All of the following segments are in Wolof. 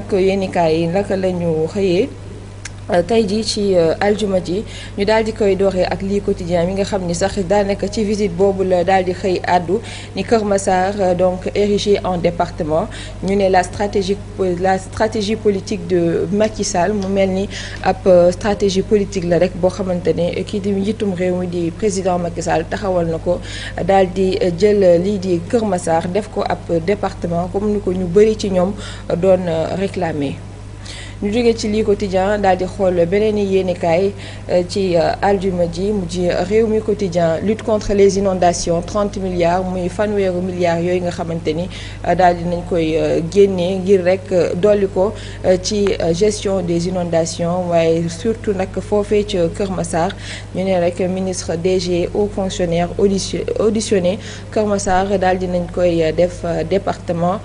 ak yéenikaay yi naka lañu ñu xëyee Euh, tey jii ci euh, aljuma ji ñu daal di koy dooree ak lii quotidien mi nga xam ni sax daanaka ci visite boobu la daal di xëy àddu ni Kër Massar euh, donc érigé en département ñu ne la stratégie la stratégie politique de Macky mu mel ni ab stratégie politique la rek boo xamante ne kii di njiitum réew mi di président Macky Sall taxawal na ko daal di jël lii di Kër Massar def ko ab département comme ni ko ñu bëri ci ñoom doon réclamer. ñu jógee ci lii quotidien daal di xool beneen yéenekaay euh, ci alduma euh, ji mu ji réew mi quotidien lutte contre les inondations 30 milliards muy fanweeru milliards yooyu nga xamante ni euh, daal di nañ koy génnee ngir rek dolli ko ci gestion des inondations waaye surtout nag foofee ci Kër Massar ñu ne rek ministre DG au fonctionnaires auditionné Kër Massar daal di nañ koy def département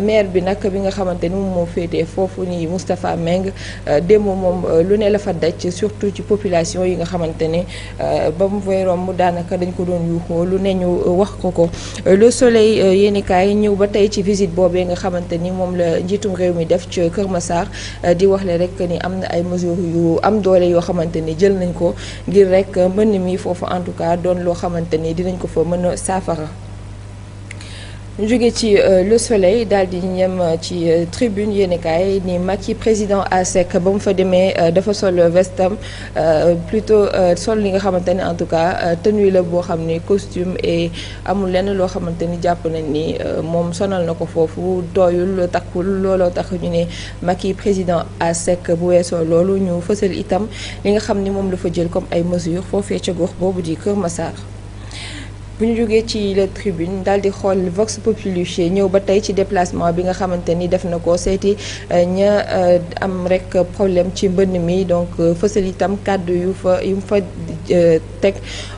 maire bi nag bi nga xamante ni moom moo féetee foofu ni Moustapha Touba Meng euh, démb moom euh, lu ne la fa daj surtout ci population yi nga xamante ne euh, ba mu fay romb daanaka dañ ko doon yuuxoo lu ne ñu wax ko ko le soleil yéenikaay ñëw ba tey ci visite boobee nga xamante ni moom la njiitum réew mi def ci Kër Massar di wax le rek ni am na ay mesures yu am doole yoo xamante ni jël nañ ko ngir rek mën mii foofu en tout cas doon loo xamante ni dinañ ko fa mën a saafara ñu jóge ci euh, Le Soleil daal di ñem euh, ci euh, tribune yéenekaay ni yi président ASEC ba mu fa demee dafa sol vestam plutôt sol li nga xamante ne en tout cas tenue la boo xam ni costume et amul lenn loo xamante ni jàpp nañ ni moom sonal na ko foofu doyul takkul looloo tax ñu ne yi président sec bu weesoo loolu ñu fësal itam li nga xam ni moom la fa jël comme ay mesures foofee ca gox boobu di Kër Massar. bu ñu jógee ci la tribune daal di xool Vox Populi ñëw ba tey ci déplacement bi nga xamante ni def na ko seeti euh, ña euh, am rek problème ci mbënn mi donc euh, fësal itam kàddu yu fa yu mu fa teg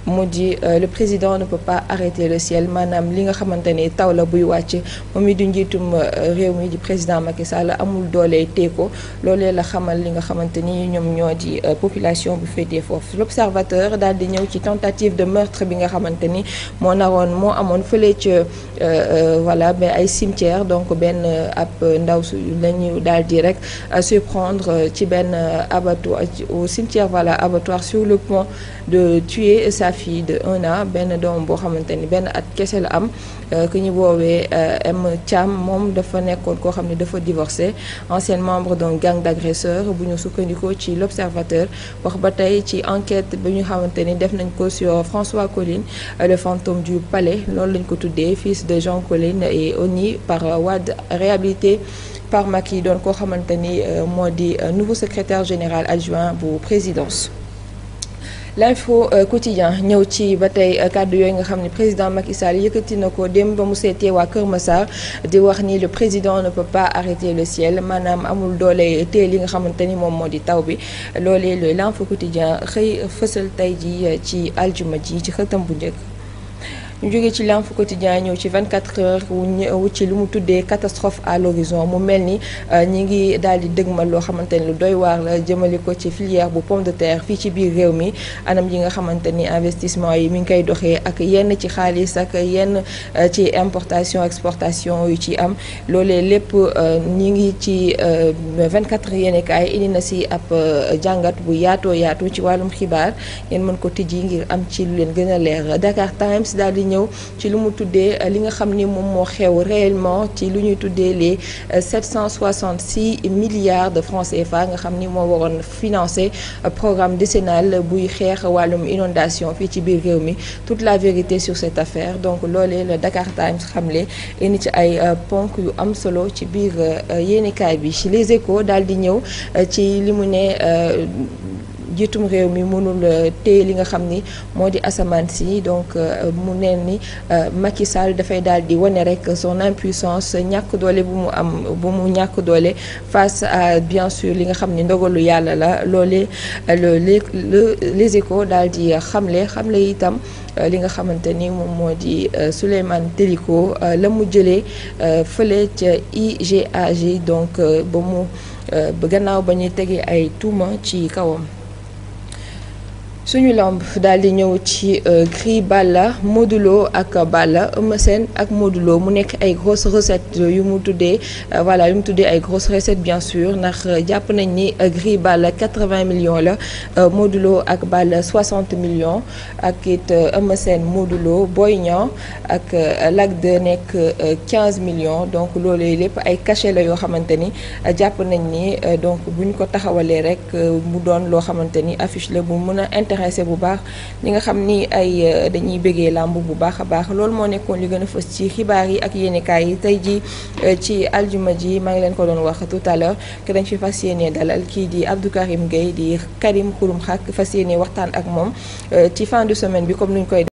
mu di le président ne peut pas arrêter le ciel maanaam li nga xamante ni taw la buy wàcc moom it du njiitum réew mi di président Macky Sall amul doole tee ko loolee la xamal li nga xamante ni ñoom ñoo di population bu féetee foofu l'observateur daal di ñëw ci tentative de meurtre bi nga xamante ni. moo naroon moo amoon fële ca euh, euh, voilà mais ay cimetière donc benn euh, ab ndaw su la ñu daal di rek surprendre ci benn abattoir au cimetière voilà abattoir sur le point de tuer sa de un an benn doom boo xamante ni benn at kese la am ki ñu woowee M Thiam moom dafa nekkoon koo xam ne dafa divorcé ancien membre donc gang d'agresseurs bu ñu sukkandikoo ci l'observateur wax ba tey ci enquête bi ñu xamante ni def nañ ko sur François Colline fantôme du palais loolu lañ ko tuddee fils de Jean Collin et honni par euh, Wade réhabilité par Macky doon koo xamante ni euh, moo di euh, nouveau secrétaire général adjoint bu présidence l'info quotidien ñëw ci ba tey kàddu yooyu nga xam ne président Macky Sall yëkkati na ko dem ba mu seetee waa Kër Massar di wax ni le président ne peut pas arrêter le ciel maanaam amul doole teel yi nga xamante ni moom moo di taw bi loolee le l'info quotidien xëy fësal tey ji ci aljuma ji ci xëtam bu njëkk ñu jógee ci l'info quotidien ñëw ci 24 heures wu ci lu mu tuddee catastrophe à l'horizon mu mel ni euh, ñi ngi daal di dëgmal loo xamante ni lu doy waar la jëmale ko ci filière bu pomme de terre fii ci biir réew mi anam yi nga xamante ni investissement yi mi ngi koy doxee ak yenn ci xaalis ak yenn euh, ci importation exportation yu ci am loole lépp euh, ñi ngi ci 24 yéene kaay indi na si ab jàngat bu yaatoo yaatu ci wàllum xibaar ngeen mën ko tijji ngir am ci lu leen gën a leer Dakar Times ñëw ci lu mu tuddee euh, li nga xam ni moom moo xew réellement ci lu ñuy tuddee les 766 euh, milliards de francs fa nga xam ni moo waroon financer euh, programme décennal buy xeex wàllum inondation fii ci biir réew mi toute la vérité sur cette affaire donc loolee la Dakar Times xamle indi ci ay ponk yu am solo ci biir yéenekaay bi les échos daal di ñëw ci li mu ne jiitum réew mi mënul euh, téye li nga xam ni moo di asamaan si donc euh, mu neen ni euh, Macky Sall dafay daal di wane rek son impuissance ñàkk doole bu mu am bu mu ñàkk doole face à bien sûr li nga xam ni ndogalu yàlla la loolee le les échos daal di xamle xamle itam li nga xamante ni moom moo di Souleymane Teliko la mu jëlee fële ca IGAG donc ba mu gannaaw ba ñuy tegee ay tuuma ci kawam suñu lamb daal di ñëw ci euh, Gris Balla Modou Lo ak Balla Eumeu Sène ak Modou mu nekk ay grosses recettes yu mu tuddee euh, voilà yu mu tuddee ay grosses recettes bien sûr ndax euh, jàpp nañ ni Gris Balla 80 millions la Modou Lo ak Balla 60 millions ak it Eumeu Sène Modou Lo Boy ak Lac 2 nekk 15 millions donc loolu lépp ay cachet yoo xamante ni jàpp nañ ni donc bu ñu ko taxawalee rek mu doon loo xamante ni affiche la bu mën a intéressé bu baax ñi nga xam ni ay euh, dañuy bëggee làmb bu baax a baax loolu moo nekkoon li gën a fës ci xibaar yi ak yéenekaay yi tey ji euh, ci aljuma ji maa ngi leen ko doon wax tout à l'heure que dañ fi fas yéenee dalal kii di Abdou Karim Gueye di Karim Xurum Xak fas yéenee waxtaan ak moom euh, ci fin de semaine bi comme nuñ koy